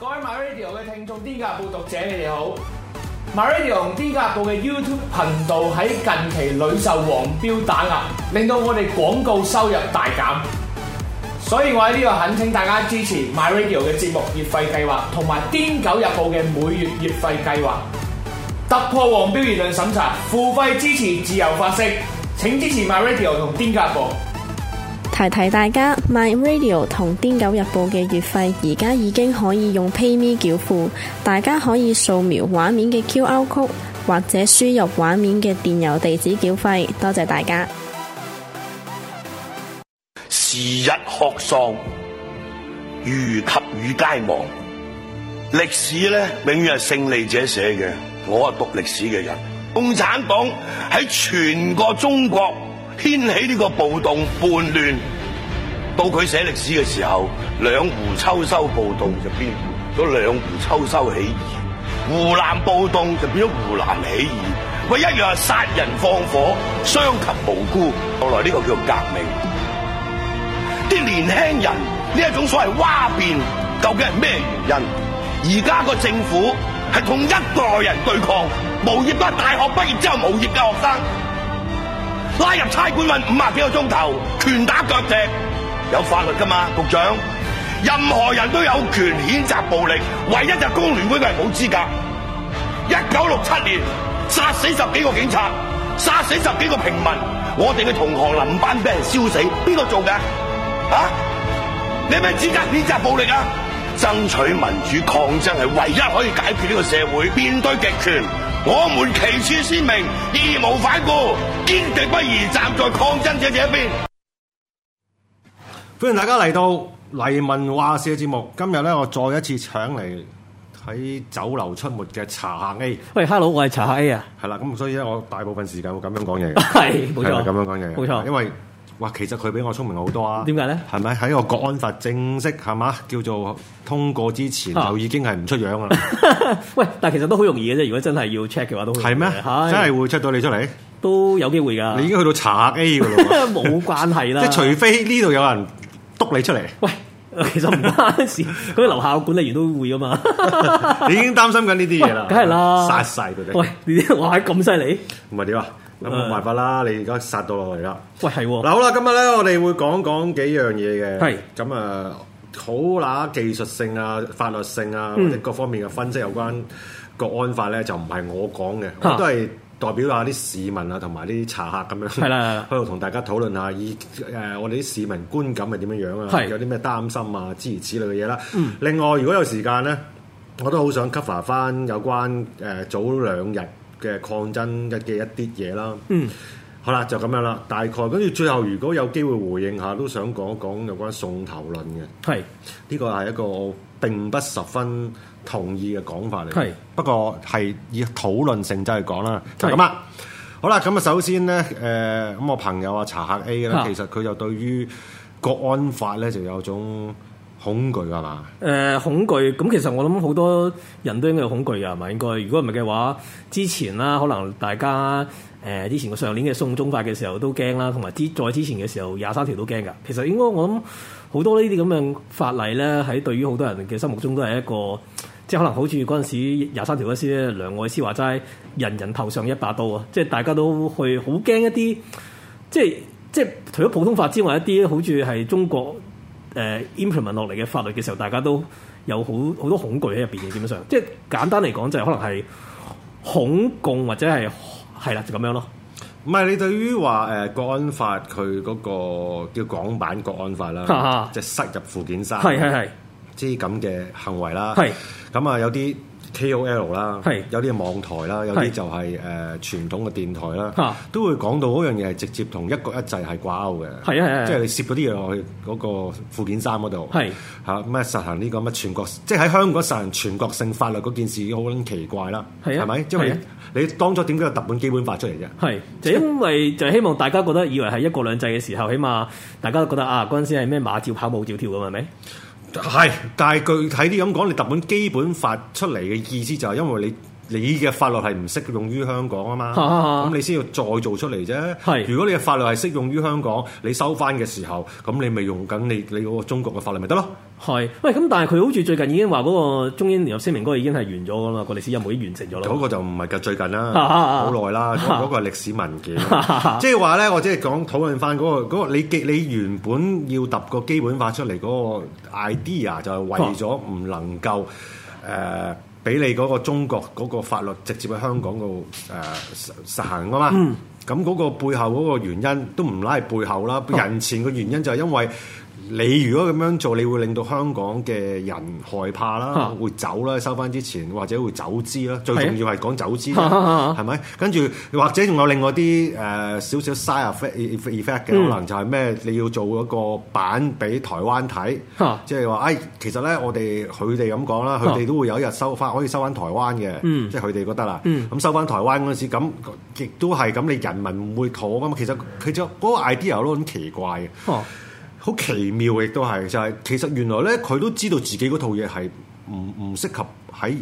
各位 My Radio 嘅聽眾，《癲狗報》讀者，你哋好！My Radio 同《癲狗報》嘅 YouTube 頻道喺近期屢受黃標打壓，令到我哋廣告收入大減。所以我喺呢度懇請大家支持 My Radio 嘅節目月費計劃，同埋《癲狗日報》嘅每月月費計劃，突破黃標言論審查，付費支持自由發聲，請支持 My Radio 同《癲狗報》。提提大家，My Radio 同《癲狗日報》嘅月費而家已經可以用 PayMe 繳付，大家可以掃描畫面嘅 QR Code，或者輸入畫面嘅電郵地址繳費。多謝大家。時日浩喪，如及與皆亡。歷史咧，永遠係勝利者寫嘅。我係讀歷史嘅人。共產黨喺全個中國掀起呢個暴動叛亂。到佢寫歷史嘅時候，兩湖秋收暴動就變咗兩湖秋收起義，湖南暴動就變咗湖南起義，唯一一樣係殺人放火，傷及無辜。後來呢個叫革命，啲 年輕人呢一種所謂嘩變，究竟係咩原因？而家個政府係同一代人對抗，無業都係大學畢業之後無業嘅學生，拉入差館問五啊幾個鐘頭，拳打腳踢。有法律噶嘛，局長？任何人都有權譴責暴力，唯一就係工聯會嘅人冇資格。一九六七年，殺死十幾個警察，殺死十幾個平民，我哋嘅同行林班俾人燒死，邊個做嘅？啊？你有咩資格譴責暴力啊？爭取民主抗爭係唯一可以解決呢個社會面對極權，我們旗幟鮮明，義無反顧，堅定不移站在抗爭者這一邊。歡迎大家嚟到黎民話事嘅節目。今日咧，我再一次請嚟喺酒樓出沒嘅茶客 A 喂。喂，Hello，我係茶客 A 啊。係啦，咁所以咧，我大部分時間會咁樣講嘢。係，冇錯，咁樣講嘢，冇錯錯。因為，哇，其實佢比我聰明好多啊。點解咧？係咪喺我國安法正式係嘛，叫做通過之前就已經係唔出樣啦？ 喂，但係其實都好容易嘅啫。如果真係要 check 嘅話，都係咩？嗎的真係會 check 到你出嚟都有機會噶。你已經去到茶客 A 嘅啦，冇 關係啦。即除非呢度有人。督你出嚟？喂，其實唔關事，佢啲 樓下嘅管理員都會噶嘛。你 已經擔心緊呢啲嘢啦，梗係啦，殺晒佢哋。喂，呢啲哇咁犀利，唔係點啊？咁冇辦法啦，呃、你而家殺到落嚟啦。喂，係喎、哦。嗱，好啦，今日咧我哋會講講幾樣嘢嘅。係咁啊，好啦，技術性啊、法律性啊或者各方面嘅分析有關國安法咧，就唔係我講嘅，嗯、都係。代表下啲市民啊，同埋啲茶客咁樣的，去度同大家討論下，以誒、呃、我哋啲市民觀感係點樣樣啊？的有啲咩擔心啊，諸如此類嘅嘢啦。嗯、另外，如果有時間咧，我都好想 cover 翻有關誒、呃、早兩日嘅抗爭嘅一啲嘢啦。嗯，好啦，就咁樣啦。大概跟住最後，如果有機會回應下，都想講一講有關送頭論嘅。係呢個係一個並不十分同意嘅講法嚟，是不過係以討論性質嚟講啦，就係咁啊，是好啦，咁啊，首先咧，誒、呃，咁我朋友啊，茶客 A 啦。的其實佢就對於國安法咧就有種恐懼，係嘛？誒、呃，恐懼。咁其實我諗好多人都應該有恐懼嘅，係咪應該？如果唔係嘅話，之前啦，可能大家誒、呃，之前我上年嘅送中法嘅時候都驚啦，同埋之再之前嘅時候廿三條都驚㗎。其實應該我諗好多呢啲咁樣法例咧，喺對於好多人嘅心目中都係一個。即係可能好似嗰陣時廿三條嗰時咧，梁愛詩話齋人人頭上一把刀啊！即係大家都會好驚一啲，即係即係除咗普通法之外，一啲好似係中國誒、呃、implement 落嚟嘅法律嘅時候，大家都有好好多恐懼喺入邊嘅基本上。即係簡單嚟講，就係可能係恐共或者係係啦，就咁樣咯。唔係你對於話誒國安法佢嗰個叫港版國安法啦，即係哈哈 塞入附件三，係係係。啲咁嘅行為啦，咁啊有啲 KOL 啦，有啲網台啦，有啲就係誒傳統嘅電台啦，都會講到嗰樣嘢係直接同一國一制係掛鈎嘅，係啊係啊，即係你攝嗰啲嘢落去嗰個附件三嗰度，係嚇咩實行呢個乜全國，即係喺香港實行全國性法律嗰件事好撚奇怪啦，係咪？即係你當初點解有特本基本法出嚟啫？係就因為就希望大家覺得以為係一國兩制嘅時候，起碼大家都覺得啊嗰陣時係咩馬照跑，舞照跳噶嘛，係咪？係，但係具體啲咁講，你讀本基本法出嚟嘅意思就係因為你。你嘅法律係唔適用於香港啊嘛，咁哈你先要再做出嚟啫。是如果你嘅法律係適用於香港，你收翻嘅時候，咁你咪用緊你你嗰個中國嘅法律咪得咯。係，喂，咁但係佢好似最近已經話嗰個中英聯合聲明嗰個已經係完咗噶啦，個歷史任務已經完成咗咯。嗰個就唔係嘅最近啦，好耐啦，嗰哈個係歷史文件。哈哈即係話咧，我即係講討論翻嗰、嗰個、嗰個、你你原本要揼個基本法出嚟嗰個 idea 就係為咗唔能夠誒。呃呃俾你嗰個中國嗰個法律直接喺香港度誒、呃、實行噶嘛，咁嗰、嗯、個背後嗰個原因都唔拉係背後啦，嗯、人前嘅原因就係因為。你如果咁樣做，你會令到香港嘅人害怕啦，啊、會走啦，收翻之前或者會走資啦。最重要係講走資，係咪？ 跟住或者仲有另外啲誒少少 side effect 嘅、e，effect 嗯、可能就係咩？你要做一個版俾台灣睇，即係話誒，其實咧我哋佢哋咁講啦，佢哋都會有一日收翻，可以收翻台灣嘅，嗯、即係佢哋覺得啦。咁、嗯嗯、收翻台灣嗰陣時，咁亦都係咁，你人民唔會妥噶嘛。其實佢就嗰個 idea 都好奇怪嘅。嗯好奇妙亦都係就係。其實原來咧，佢都知道自己嗰套嘢係唔唔適合喺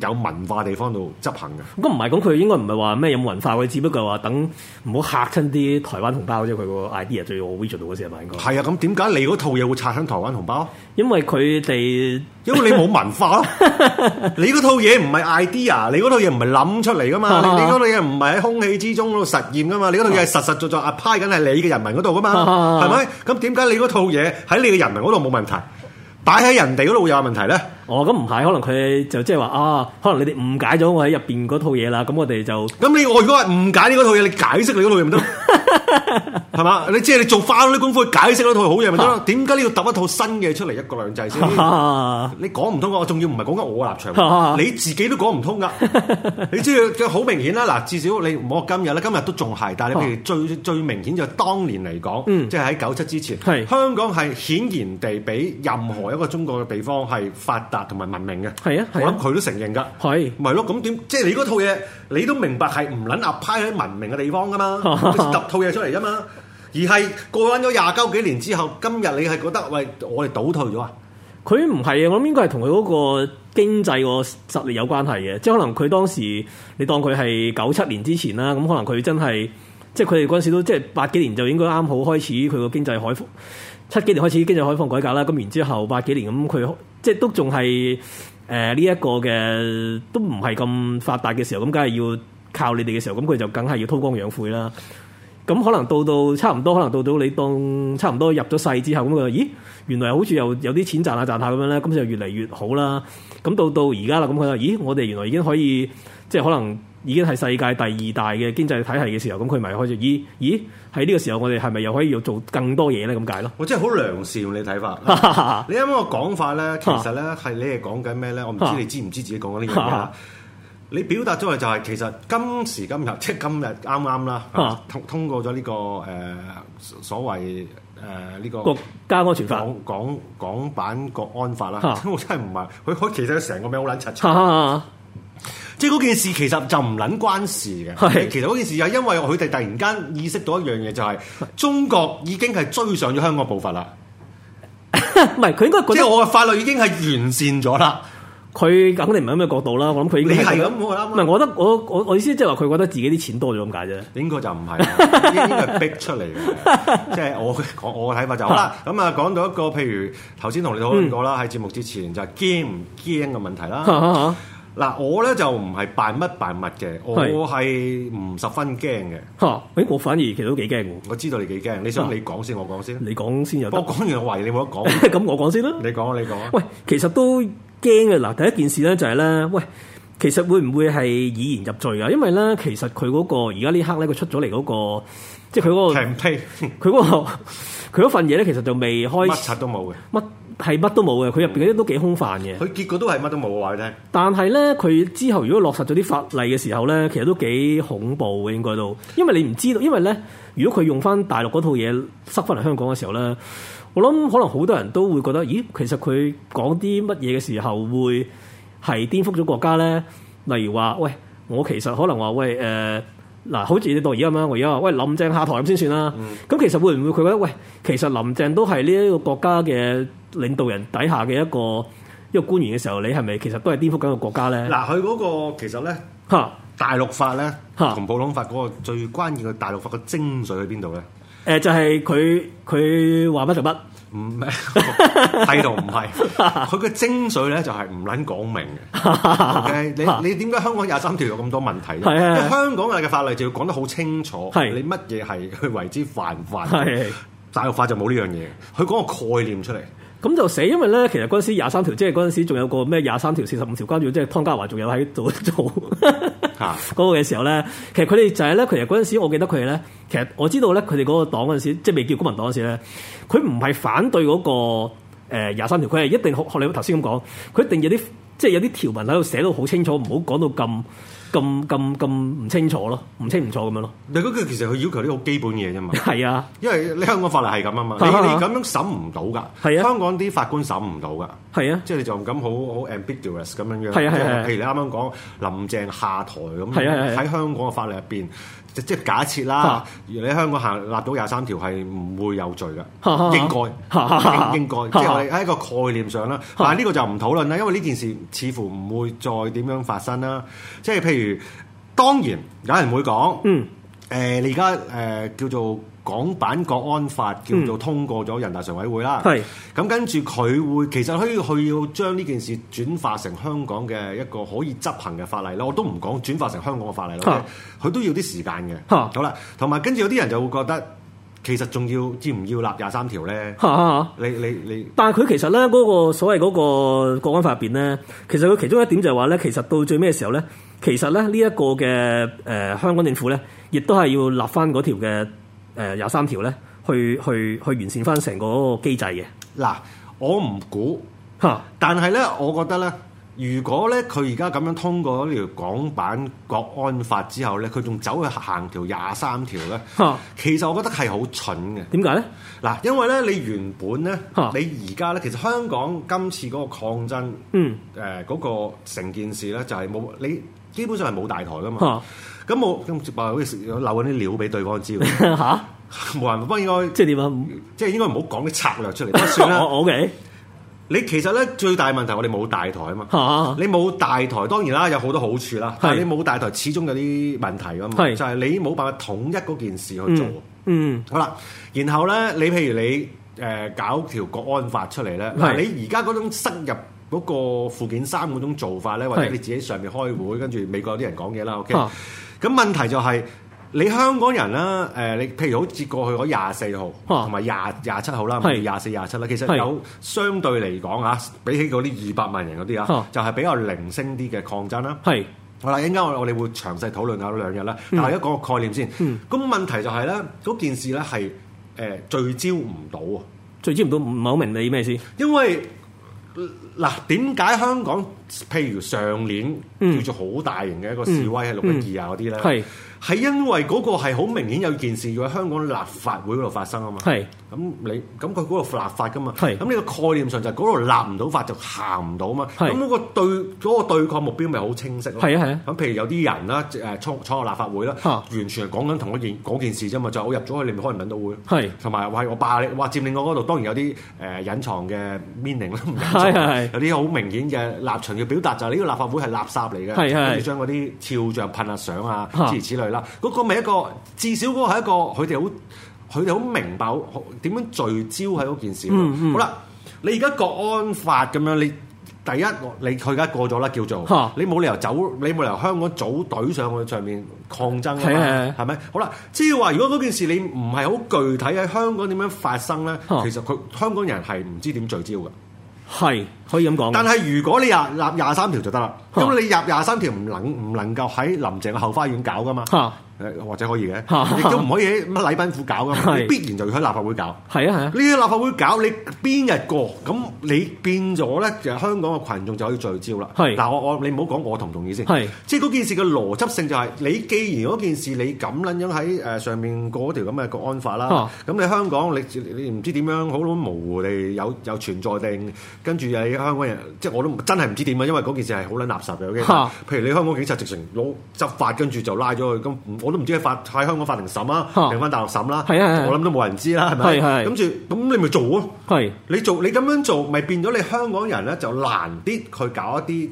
有文化地方度執行嘅，咁唔係，咁佢應該唔係話咩有文化，佢只不過係話等唔好嚇親啲台灣同胞啫。佢個 idea 最 original 嗰時啊，應該係啊。咁點解你嗰套嘢會拆親台灣同胞？因為佢哋，因為你冇文化咯， 你嗰套嘢唔係 idea，你嗰套嘢唔係諗出嚟噶嘛， 你嗰套嘢唔係喺空氣之中度實驗噶嘛，你嗰套嘢實實在在 apply 緊喺你嘅人民嗰度噶嘛，係咪？ 咁點解你嗰套嘢喺你嘅人民嗰度冇問題？擺喺人哋嗰度會有問題咧？哦，咁唔係，可能佢就即係話啊，可能你哋誤解咗我喺入邊嗰套嘢啦。咁我哋就咁你我如果係誤解呢個套嘢，你解釋你個套嘢。唔得。係嘛？ 你即係你做翻啲功夫去解釋嗰套好嘢咪得咯？點解你要揼一套新嘅出嚟一國兩制先？ 你講唔通，我仲要唔係講緊我立場， 你自己都講唔通噶。 你知佢好明顯啦。嗱，至少你唔好話今日啦，今日都仲係。但係你譬如最最明顯就係當年嚟講，嗯、即係喺九七之前，是香港係顯然地比任何一個中國嘅地方係發達同埋文明嘅。係啊，啊啊我諗佢都承認噶。係、啊，咪咯、啊？咁點？即係你嗰套嘢，你都明白係唔撚阿派喺文明嘅地方噶嘛？揼 套。出嚟咋嘛，而係過翻咗廿九幾年之後，今日你係覺得喂，我哋倒退咗啊？佢唔係啊，我諗應該係同佢嗰個經濟個實力有關係嘅，即係可能佢當時你當佢係九七年之前啦，咁可能佢真係即係佢哋嗰陣時都即係八幾年就應該啱好開始佢個經濟開放，七幾年開始經濟開放改革啦。咁然後之後八幾年咁，佢即係都仲係誒呢一個嘅都唔係咁發達嘅時候，咁梗係要靠你哋嘅時候，咁佢就梗係要韜光養晦啦。咁可能到到差唔多，可能到到你當差唔多入咗世之後咁佢話：咦，原來好似又有啲錢賺下賺下咁樣咧，咁就越嚟越好啦。咁到到而家啦，咁佢話：咦，我哋原來已經可以即係可能已經係世界第二大嘅經濟體系嘅時候，咁佢咪開始咦咦喺呢個時候，我哋係咪又可以要做更多嘢咧？咁解咯。我真係好良善你睇法， 法。你啱啱個講法咧，其實咧係你係講緊咩咧？ 我唔知你知唔 知自己講緊啲咩你表達咗嚟就係、是、其實今時今日，即係今日啱啱啦，通通過咗呢、這個誒、呃、所謂誒呢、呃這個《國家安全法》港。港港版《國安法》啦、啊，我真係唔係佢，其實成個名好撚柒柒。啊啊啊、即係嗰件事其實就唔撚關事嘅。是其實嗰件事就係因為佢哋突然間意識到一樣嘢、就是，就係是中國已經係追上咗香港步伐啦。唔係佢應該覺得即我嘅法律已經係完善咗啦。佢肯定唔喺咩角度啦，我諗佢應該你係咁，我唔係，我覺得我我我意思即係話佢覺得自己啲錢多咗咁解啫。應該就唔係，應該係逼出嚟嘅。即係我講我嘅睇法就，好啦，咁啊，講到一個譬如頭先同你討論過啦，喺節目之前就係驚唔驚嘅問題啦。嗱，我咧就唔係扮乜扮乜嘅，我係唔十分驚嘅。我反而其實都幾驚。我知道你幾驚，你想你講先，我講先。你講先，我講完我話你冇得講，咁我講先啦。你講你講啊。喂，其實都。驚嘅嗱，第一件事咧就係、是、咧，喂，其實會唔會係以言入罪啊？因為咧，其實佢嗰個而家呢刻咧，佢出咗嚟嗰個，即係佢嗰個，佢嗰、啊嗰個，佢努力、 嗰個、份嘢咧，其實就未開乜柒都冇嘅，乜係乜都冇嘅，佢入邊嗰啲都幾空泛嘅。佢結果都係乜都冇話你聽，但係咧，佢之後如果落實咗啲法例嘅時候咧，其實都幾恐怖嘅，應該都，因為你唔知道，因為咧，如果佢用翻大陸嗰套嘢，塞翻嚟香港嘅時候咧。我諗可能好多人都會覺得，咦，其實佢講啲乜嘢嘅時候會係顛覆咗國家咧？例如話，喂，我其實可能話，喂，誒，嗱，好似你到而家咁，我而家話，喂，林鄭下台咁先算啦。咁、嗯、其實會唔會佢覺得，喂，其實林鄭都係呢一個國家嘅領導人底下嘅一個一個官員嘅時候，你係咪其實都係顛覆緊個國家咧？嗱，佢嗰個其實咧，吓哈大陸法咧，吓同哈普通法嗰個最關鍵嘅大陸法嘅精髓喺邊度咧？誒、呃，就，是就嗯、 係佢佢話乜就乜，唔係制度唔係，佢嘅精髓咧就係唔撚講明嘅、 okay?。你你點解香港廿三條有咁多問題咧？係啊，即係香港嘅法例就要講得好清楚，係你乜嘢係佢為之犯法。係 大陸法就冇呢樣嘢，佢講個概念出嚟，咁 就死。因為咧，其實嗰陣時廿三條，即係嗰陣時仲有個咩廿三條、四十五條，關注即係湯家驊，仲有喺度做。嗰 個嘅時候咧，其實佢哋就係咧，其實嗰陣時，我記得佢哋咧，其實我知道咧，佢哋嗰個黨嗰陣時，即係未叫公民黨嗰陣時咧，佢唔係反對嗰個廿三條，佢係一定學學你頭先咁講，佢一定有啲。即係有啲條文喺度寫到好清楚，唔好講到咁咁咁咁唔清楚咯，唔清唔楚咁樣咯。但嗰個其實佢要求啲好基本嘅嘢啫嘛。係啊，因為你香港法律係咁啊嘛，你你咁樣審唔到㗎。係啊，香港啲法官審唔到㗎。係啊即，即係你就唔敢好好 ambiguous 咁樣樣。係啊係啊，譬如你啱啱講林鄭下台咁，係啊，喺香港嘅法律入邊。即即假設啦，如果你香港行立到廿三條，係唔會有罪嘅，應該應應該，即係我哋喺一個概念上啦。哈哈但係呢個就唔討論啦，因為呢件事似乎唔會再點樣發生啦。即係譬如，當然有人會講，嗯、呃，誒你而家誒叫做港版國安法叫做通過咗人大常委會啦，咁、嗯、跟住佢會其實可以佢要將呢件事轉化成香港嘅一個可以執行嘅法例咯。我都唔講轉化成香港嘅法例咯，佢、啊、都要啲時間嘅。啊、好啦，同埋跟住有啲人就會覺得其實仲要要唔要立廿三條咧、啊啊？你你你，但係佢其實咧嗰、嗰個所謂嗰個國安法入邊咧，其實佢其中一點就係話咧，其實到最尾嘅時候咧，其實咧呢一、呢個嘅誒、呃、香港政府咧，亦都係要立翻嗰條嘅。誒廿三條咧，去去去完善翻成個，個機制嘅。嗱，我唔估嚇，哈但係咧，我覺得咧，如果咧佢而家咁樣通過呢條港版國安法之後咧，佢仲走去行條廿三條咧，哈其實我覺得係好蠢嘅。點解咧？嗱，因為咧，你原本咧，哈你而家咧，其實香港今次嗰個抗爭，嗯、呃，誒、那、嗰個成件事咧，就係、是、冇你基本上係冇大台噶嘛。咁我咁直白好似漏緊啲料俾對方知，嚇，冇人幫，應該即係點啊？即係應該唔好講啲策略出嚟，不過算啦。O K，你其實咧最大問題，我哋冇大台啊嘛。但係你冇大台，當然啦，有好多好處啦。你冇大台，始終有啲問題噶嘛。就係你冇辦法統一嗰件事去做。嗯，好啦，然後咧，你譬如你誒搞條國安法出嚟咧，你而家嗰種深入。嗰個附件三嗰種做法咧，或者你自己上面開會，跟住美國有啲人講嘢啦。OK，咁、啊、問題就係、是、你香港人啦，誒、呃，你譬如好似過去嗰廿四號同埋廿廿七號啦，唔係廿四廿七啦。其實有相對嚟講啊，比起嗰啲二百萬人嗰啲啊，就係比較零星啲嘅抗爭啦。係是、啊，好啦，一陣間我我哋會詳細討論下兩日啦。但係講一個概念先。咁、嗯嗯、問題就係、是、咧，嗰件事咧係誒聚焦唔到啊，聚焦唔到。唔係好明你咩意思，因為。嗱，點解香港譬如上年、嗯、叫做好大型嘅一個示威係六一二啊嗰啲咧？係因為嗰個係好明顯有件事要喺香港立法會嗰度發生啊嘛，咁你咁佢嗰度立法㗎嘛，咁呢個概念上就係嗰度立唔到法就行唔到啊嘛，咁嗰個對嗰個對抗目標咪好清晰咯，咁譬如有啲人啦誒創創立法會啦，完全係講緊同一件講件事啫嘛，就我入咗去你咪可能揾到會，同埋話我霸你話佔領我嗰度，當然有啲誒隱藏嘅 meaning 啦，有啲好明顯嘅立場嘅表達就係呢個立法會係垃圾嚟嘅，跟住將嗰啲肖像噴下相啊諸如此類。嗱，嗰個咪一個，至少嗰個係一個，佢哋好，佢哋好明白點樣聚焦喺嗰件事。嗯嗯、好啦，你而家國安法咁樣，你第一，你佢而家過咗啦，叫做，哈你冇理由走，你冇理由香港組隊上去上面抗爭啊嘛，係咪是？好啦，即係話，如果嗰件事你唔係好具體喺香港點樣發生咧，哈其實佢香港人係唔知點聚焦嘅，係。可以咁講，但係如果你立廿廿三條就得啦。咁、啊、你立廿三條唔能唔能夠喺林鄭嘅後花園搞噶嘛？嚇，誒或者可以嘅，亦都唔可以喺乜禮賓府搞噶嘛。啊、你必然就要喺立法會搞。係啊係啊，你喺立法會搞，你邊日過？咁你變咗咧，就香港嘅群眾就可以聚焦啦。係嗱是、啊，我我你唔好講我同唔同意先。係，是啊、即係嗰件事嘅邏輯性就係、是，你既然嗰件事你咁撚樣喺誒上面過嗰條咁嘅國安法啦，咁、啊啊、你香港你你唔知點樣好撚模糊地有有，有存在定跟住又。香港人即係我都真係唔知點啊，因為嗰件事係好撚垃圾嘅。譬如你香港警察直情攞執法，跟住就拉咗佢，咁我都唔知佢法喺香港法庭審啦，定翻大陸審啦。係啊，我諗都冇人知啦，係咪？跟住咁你咪做咯。係你做你咁樣做，咪變咗你香港人咧就難啲去搞一啲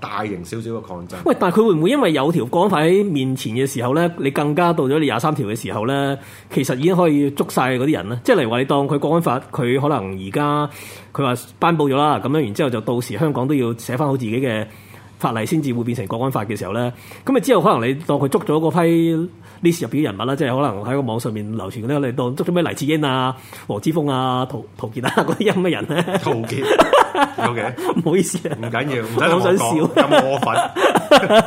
大大型少少嘅抗爭。喂，但係佢會唔會因為有條國安法喺面前嘅時候咧，你更加到咗你廿三條嘅時候咧，其實已經可以捉晒嗰啲人咧？即係例如話你當佢國安法，佢可能而家。佢話頒布咗啦，咁樣然之後就到時香港都要寫翻好自己嘅法例，先至會變成國安法嘅時候咧，咁咪之後可能你當佢捉咗嗰批 list 入邊嘅人物啦，即係可能喺個網上面流傳嗰啲，你哋當捉咗咩黎智英啊、黃之鋒啊、陶陶傑啊嗰啲咁嘅人咧。陶傑，陶傑，OK，唔 好意思，唔緊要，唔使好想笑咁過分。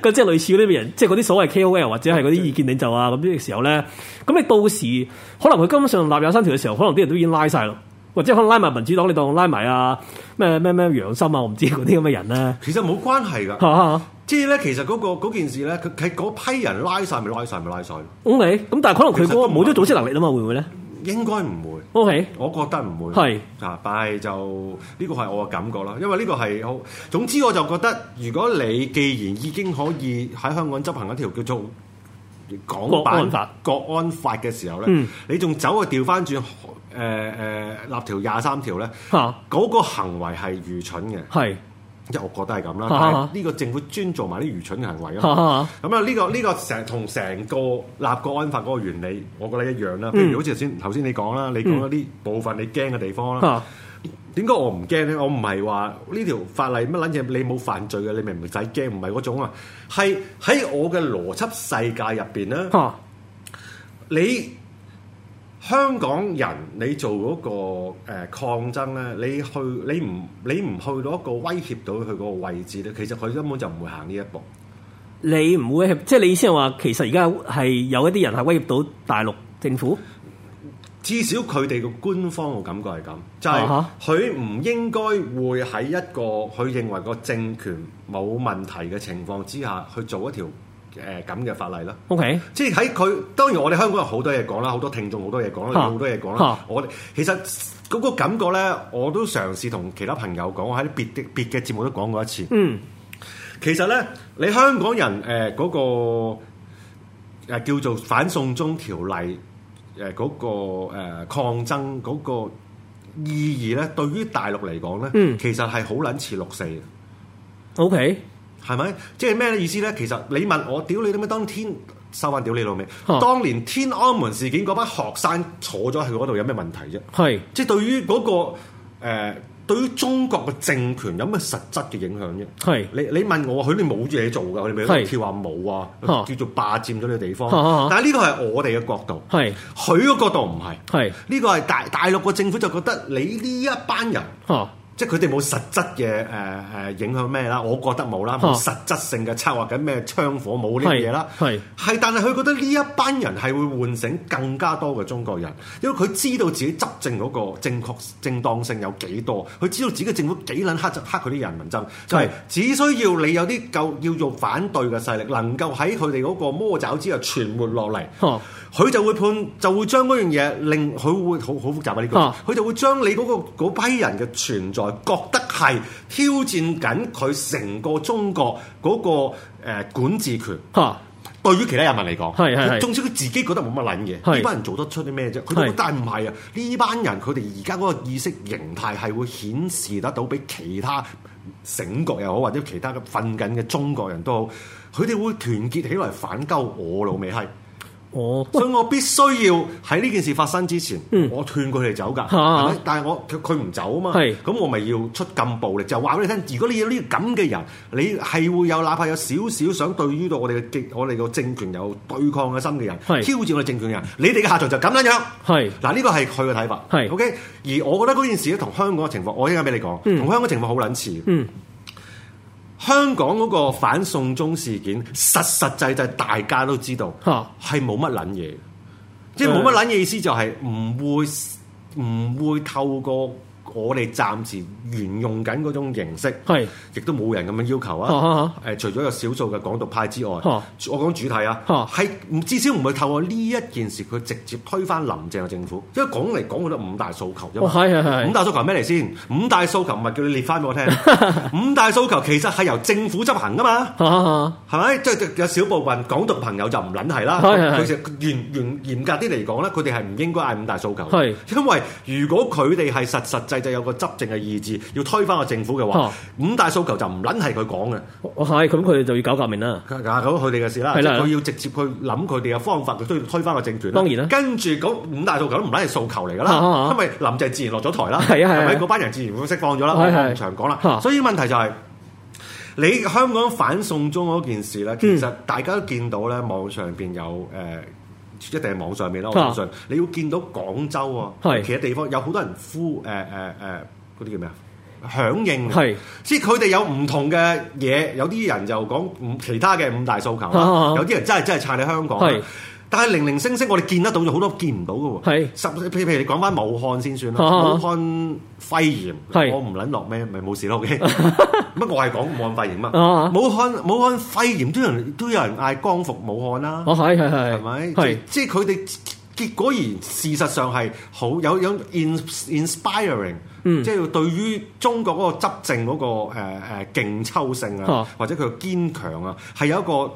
咁 即係類似嗰啲人，即係嗰啲所謂 K O L 或者係嗰啲意見領袖啊，咁啲嘅時候咧，咁你 到時可能佢根本上立有三條嘅時候，可能啲人都已經拉晒咯。或者可能拉埋民主黨，你當拉埋啊咩咩咩楊森啊，我唔知嗰啲咁嘅人咧。 其實冇關係噶，即係咧，okay, 其實嗰個件事咧，佢佢嗰批人拉晒咪拉晒咪拉晒。O K，咁但係可能佢個冇咗組織能力啦嘛，會唔會咧？應該唔會。O Okay ? K，我覺得唔會。係， 但係就呢個係我嘅感覺啦。因為呢個係好，總之我就覺得，如果你既然已經可以喺香港執行一條叫做港版國安法嘅時候咧，嗯、你仲走去調翻轉？誒誒、呃，立條廿三條咧，嗰、啊、個行為係愚蠢嘅，係是，即係我覺得係咁啦。呢、啊啊、個政府專做埋啲愚蠢嘅行為咯。咁啊，呢、啊呢個呢、呢個成同成個立國安法嗰個原理，我覺得一樣啦。譬如好似頭先頭先你講啦，嗯、你講咗啲部分你驚嘅地方啦。點解、嗯嗯、我唔驚咧？我唔係話呢條法例乜撚嘢，你冇犯罪嘅，你明，唔使驚，唔係嗰種啊。係喺我嘅邏輯世界入邊咧，你。香港人，你做嗰個誒抗爭咧，你去你唔你唔去到一個威脅到佢嗰個位置咧，其實佢根本就唔會行呢一步。你唔會，即係你意思係話，其實而家係有一啲人係威脅到大陸政府。至少佢哋個官方嘅感覺係咁，就係佢唔應該會喺一個佢認為個政權冇問題嘅情況之下，去做一條。誒咁嘅法例咯，OK，即係喺佢當然我哋香港有好多嘢講啦，好多聽眾好多嘢講啦，好 Huh. 多嘢講啦。Huh. 我哋其實嗰個感覺咧，我都嘗試同其他朋友講，我喺別嘅別嘅節目都講過一次。嗯，mm. 其實咧，你香港人誒嗰、呃那個、呃、叫做反送中條例誒嗰、呃那個、呃、抗爭嗰個意義咧，對於大陸嚟講咧，嗯，mm. 其實係好撚似六四嘅。OK。係咪？即係咩咧意思咧？其實你問我，屌你老味，當天收翻屌你老味。當年天安門事件嗰班學生坐咗去嗰度，有咩問題啫？係是 即係對於嗰、嗰個誒、呃，對於中國嘅政權有咩實質嘅影響啫？係是 你你問我，佢哋冇嘢做㗎，我哋咪跳下舞啊，是 叫做霸佔咗呢個地方。但係呢個係我哋嘅角度，係佢是 個角度唔係。係呢是 個係大大陸嘅政府就覺得你呢一班人。即係佢哋冇實質嘅誒誒影響咩啦，我覺得冇啦，冇實質性嘅策劃緊咩槍火，冇呢啲嘢啦，係係，但係佢覺得呢一班人係會喚醒更加多嘅中國人，因為佢知道自己執政嗰個正確正當性有幾多，佢知道自己嘅政府幾撚黑就黑佢啲人民憎，是就係只需要你有啲夠要做反對嘅勢力，能夠喺佢哋嗰個魔爪之下存活落嚟。佢就會判，就會將嗰樣嘢令佢會好好複雜啊！呢個佢就會將你嗰、嗰個嗰批人嘅存在，覺得係挑戰緊佢成個中國嗰、嗰個、呃、管治權。嚇、啊！對於其他人民嚟講，係係，總之佢自己覺得冇乜撚嘢。呢班是人做得出啲咩啫？佢是但唔係啊？呢班人佢哋而家嗰個意識形態係會顯示得到俾其他醒覺又好，或者其他瞓緊嘅中國人都好，佢哋會團結起嚟反鳩我老味閪。 哦，oh, 所以我必須要喺呢件事發生之前，嗯、我勸過佢哋走㗎、啊，但係我佢佢唔走啊嘛，咁是我咪要出咁暴力，就話俾你聽。如果你有呢咁嘅人，你係會有，哪怕有少少想對於到我哋嘅政我哋個政權有對抗嘅心嘅人，是挑戰我哋政權嘅人，你哋嘅下場就咁樣樣。係嗱是，呢個係佢嘅睇法。係是，OK。而我覺得嗰件事咧，同香港嘅情況，我依家俾你講，同、嗯、香港情況好撚似。嗯。香港嗰個反送中事件，實實際際大家都知道，係冇乜撚嘢，即係冇乜撚嘢意思就，就係唔會唔會透過。我哋暫時沿用緊嗰種形式，係亦都冇人咁樣要求啊！誒，除咗有少數嘅港獨派之外，我講主題啊，係至少唔會透過呢一件事佢直接推翻林鄭嘅政府，因為講嚟講去都五大訴求啫嘛。係係五大訴求咩嚟先？五大訴求唔係叫你列翻俾我聽。五大訴求其實係由政府執行噶嘛，係咪？即係有少部分港獨朋友就唔撚係啦。其實嚴嚴嚴格啲嚟講咧，佢哋係唔應該嗌五大訴求，係因為如果佢哋係實實際。就有個執政嘅意志，要推翻個政府嘅話，五大訴求就唔撚係佢講嘅。哦，係咁，佢哋就要搞革命啦。咁佢哋嘅事啦，佢要直接去諗佢哋嘅方法，佢都要推翻個政權。當然啦。跟住五大訴求都唔撚係訴求嚟噶啦，因為林鄭自然落咗台啦。係啊，係咪嗰班人自然會釋放咗啦？係係，唔長講啦。所以問題就係，你香港反送中嗰件事咧，其實大家都見到咧，網上邊有誒。一定係網上面啦。我相信你要見到廣州喎、啊，是其他地方有好多人呼誒誒誒嗰啲叫咩啊？響應，是即係佢哋有唔同嘅嘢，有啲人就講其他嘅五大訴求啦、啊，啊啊啊有啲人真係真係撐你香港、啊。但係零零星星，我哋見得到嘅，好多見唔到嘅喎。係是，十譬如你講翻武漢先算啦。武漢肺炎，我唔撚落咩，咪冇事咯 OK 乜我係講武漢肺炎啊？武漢武漢肺炎都有人都有人嗌光復武漢啦、啊。係係係，係咪是？即係佢哋結果而事實上係好有有，有，有，有 inspiring 即係、嗯、對於中國嗰個執政嗰、那個誒誒、呃呃呃、勁抽性啊，或者佢堅強啊，係有一個。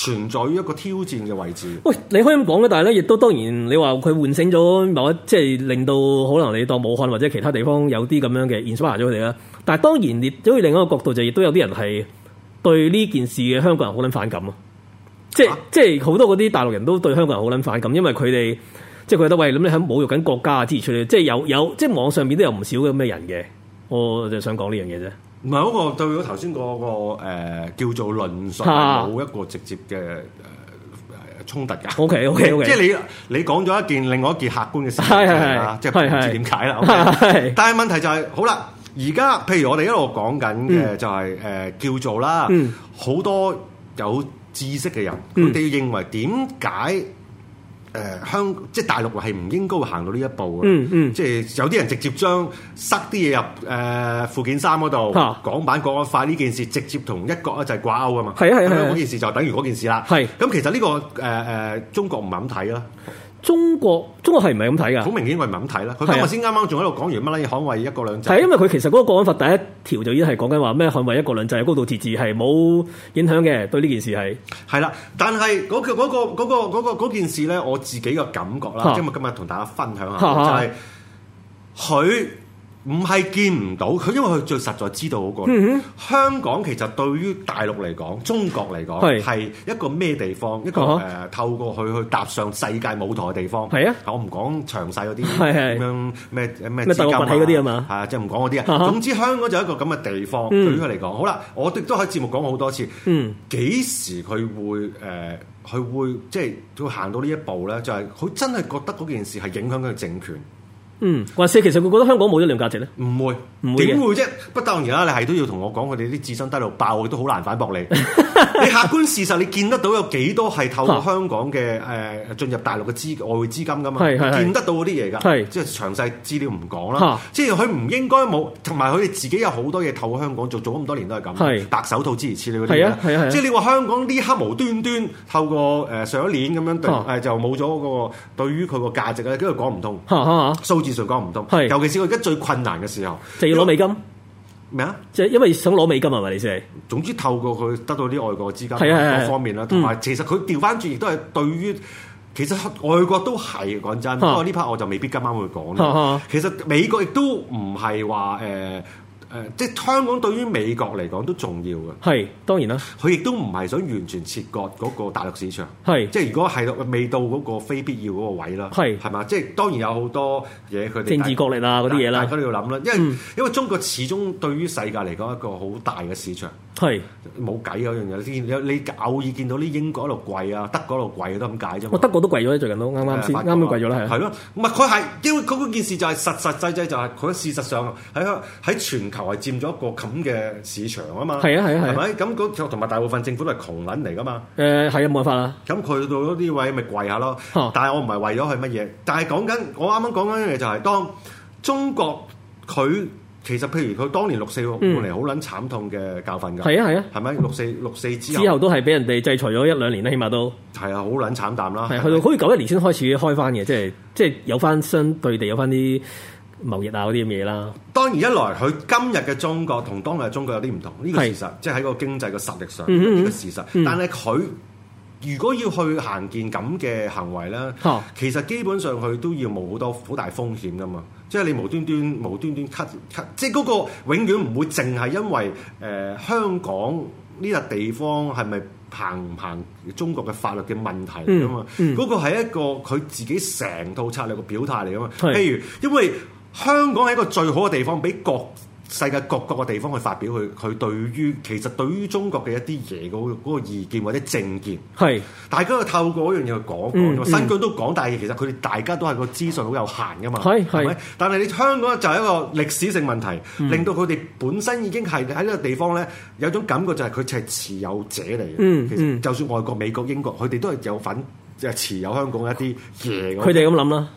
存在於一個挑戰嘅位置。喂，你可以咁講嘅，但係咧，亦都當然，你話佢喚醒咗某一即係令到可能你當武漢或者其他地方有啲咁樣嘅 inspire 咗佢哋啦。但係當然，你喺另一個角度就係亦都有啲人係對呢件事嘅香港人好撚反感啊！即係即係好多嗰啲大陸人都對香港人好撚反感，因為佢哋即係佢覺得喂，咁你喺侮辱緊國家啊，支持出嚟，即係有有即係網上面都有唔少嘅咁嘅人嘅。我就想講呢樣嘢啫。唔係嗰個對我頭先嗰個誒叫做論述冇一個直接嘅誒衝突㗎。O K O K O K，即係你你講咗一件另外一件客觀嘅事情啦， 即係唔知點解啦。O K，但係問題就係、是、好啦，而家譬如我哋一路講緊嘅就係、是、誒、嗯呃、叫做啦，好多有知識嘅人，佢哋、嗯、認為點解？誒、呃、香即係大陸係唔應該會行到呢一步嘅、嗯，嗯嗯，即係有啲人直接將塞啲嘢入誒、呃、附件三嗰度，啊、港版國安法呢件事直接同一國咧就係掛鈎啊嘛，係啊係啊，嗰件事就等於嗰件事啦。係咁，其實呢、呢個誒誒、呃、中國唔係咁睇咯。中國中國係唔係咁睇噶？好明顯，我唔係咁睇啦。佢今日先啱啱仲喺度講完乜嘢捍衞一國兩制。係因為佢其實嗰個國安法第一條就已經係講緊話咩捍衞一國兩制，高度自治係冇影響嘅，對呢件事係係啦。但係嗰個嗰件事咧，我自己嘅感覺啦，的今日今日同大家分享下，就係佢。唔係見唔到佢，因為佢最實在知道嗰個、嗯、哼香港其實對於大陸嚟講、中國嚟講係是一個咩地方？一個誒、uh huh. 呃、透過佢去踏上世界舞台嘅地方係啊！Uh huh. 我唔講詳細嗰啲咁樣咩咩資金啊啲啊嘛，係即係唔講嗰啲啊。就是 uh huh. 總之香港就係一個咁嘅地方，uh huh. 對於佢嚟講好啦。我哋都喺節目講過好多次，幾、uh huh. 時佢會誒佢、呃、會即係要行到呢一步咧？就係、是、佢真係覺得嗰件事係影響佢嘅政權。嗯，還是其實佢覺得香港冇一兩價值咧？唔會，唔會點會啫？不當然啦，你係都要同我講佢哋啲自身低落爆，都好難反駁你。你客觀事實，你見得到有幾多係透過香港嘅誒進入大陸嘅資外匯資金噶嘛？係見得到嗰啲嘢㗎，即係詳細資料唔講啦。即係佢唔應該冇，同埋佢哋自己有好多嘢透過香港做做咁多年都係咁，白手套之如此類嗰啲嘢啊。即係你話香港呢刻無端端透過誒上一年咁樣對，就冇咗嗰個對於佢個價值咧，跟住講唔通數字。講唔得，通是尤其是我而家最困難嘅時候，就要攞美金咩啊？就果麼因為想攞美金係咪？你先。總之透過佢得到啲外國資金是、啊、是是各方面啦，同埋、嗯、其實佢調翻轉亦都係對於，其實外國都係講真，不過呢 part 我就未必今晚會講、啊啊、其實美國亦都唔係話誒。呃誒，即係香港對於美國嚟講都重要嘅。係當然啦，佢亦都唔係想完全切割嗰個大陸市場。係。即係如果係未到嗰個非必要嗰個位啦。係係嘛？即係當然有好多嘢佢哋政治角力啦嗰啲嘢，啦，大家都要諗啦。因為、嗯、因為中國始終對於世界嚟講一個好大嘅市場。係冇計啊！有樣嘢你見，你偶爾見到啲英國度貴啊，德國度貴都咁解啫嘛。我德國都貴咗，最近都啱啱先啱都貴咗啦，係、哎。係咯、啊，唔係佢係，因為佢件事就係、是、實實際際就係、是、佢事實上喺喺全球係佔咗一個咁嘅市場啊嘛。係啊係啊，係咪咁同埋大部分政府都係窮撚嚟㗎嘛？誒係啊，冇辦法啦。咁佢到咗呢位咪貴下咯。但係我唔係為咗係乜嘢，但係講緊我啱啱講緊嘅就係、是、當中國佢。其實，譬如佢當年六四換嚟好撚慘痛嘅教訓㗎。係啊係啊，係咪六四六四之後，之後都係俾人哋制裁咗一兩年啦、啊？起碼都係啊，好撚慘淡啦。係去到好似九一年先開始開翻嘅，即係即係有翻相對地有翻啲貿易啊嗰啲咁嘢啦。當然一來，佢今日嘅中國同當日嘅中國有啲唔同，呢個事實，是即係喺個經濟嘅實力上，呢、嗯嗯、個事實。但係佢。如果要去行件咁嘅行為咧，哦、其實基本上佢都要冇好多好大風險噶嘛。即係你無端端無端端 cut cut，即係嗰個永遠唔會淨係因為誒、呃、香港呢個地方係咪行唔行中國嘅法律嘅問題嚟噶嘛？嗰個係一個佢自己成套策略嘅表態嚟噶嘛。是譬如因為香港係一個最好嘅地方，畀國。世界各個地方去發表佢佢對於其實對於中國嘅一啲嘢嗰個意見或者政見，係大家都透過一樣嘢去講講，新疆都講，但係其實佢哋大家都係個資訊好有限噶嘛，係咪？但係你香港就係一個歷史性問題，嗯、令到佢哋本身已經係喺呢個地方咧有種感覺就係佢係持有者嚟嘅。嗯嗯、其實就算外國美國英國，佢哋都係有份誒持有香港一啲嘢，佢哋咁諗啦。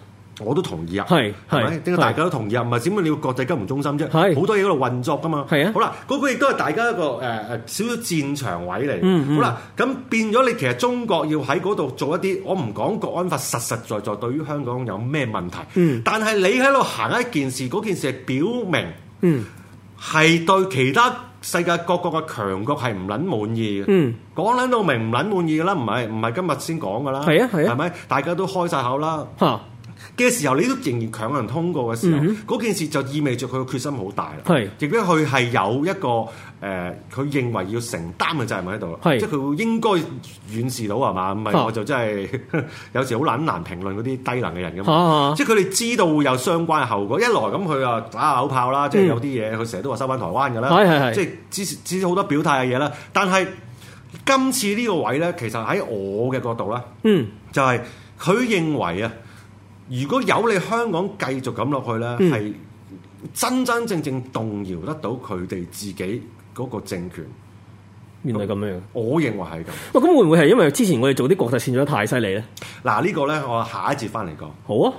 我都同意啊，係，係，點解大家都同意？唔係只不過你要國際金融中心啫，好多嘢喺度運作噶嘛。係啊，好啦，嗰個亦都係大家一個誒誒少少戰場位嚟。嗯，好啦，咁變咗你其實中國要喺嗰度做一啲，我唔講國安法實實在在對於香港有咩問題。嗯，但係你喺度行一件事，嗰件事係表明，嗯，係對其他世界各國嘅強國係唔撚滿意嘅。嗯，講撚到明唔撚滿意噶啦，唔係唔係今日先講噶啦。係啊係啊，係咪大家都開晒口啦？嚇！嘅時候，你都仍然強行通過嘅時候，嗰件事就意味著佢嘅決心好大啦。係亦都佢係有一個誒，佢認為要承擔嘅責任喺度啦。係即係佢應該遠視到係嘛？唔係我就真係有時好難難評論嗰啲低能嘅人㗎嘛。即係佢哋知道會有相關嘅後果，一來咁佢啊打下口炮啦，即係有啲嘢佢成日都話收翻台灣㗎啦。係係係即係之至少好多表態嘅嘢啦。但係今次呢個位咧，其實喺我嘅角度咧，嗯，就係佢認為啊。如果有你香港繼續咁落去咧，係、嗯、真真正正動搖得到佢哋自己嗰個政權，原來咁樣樣，我認為係咁。喂、啊，咁會唔會係因為之前我哋做啲國際線做得太犀利咧？嗱，這個、呢個咧我下一節翻嚟講。好啊。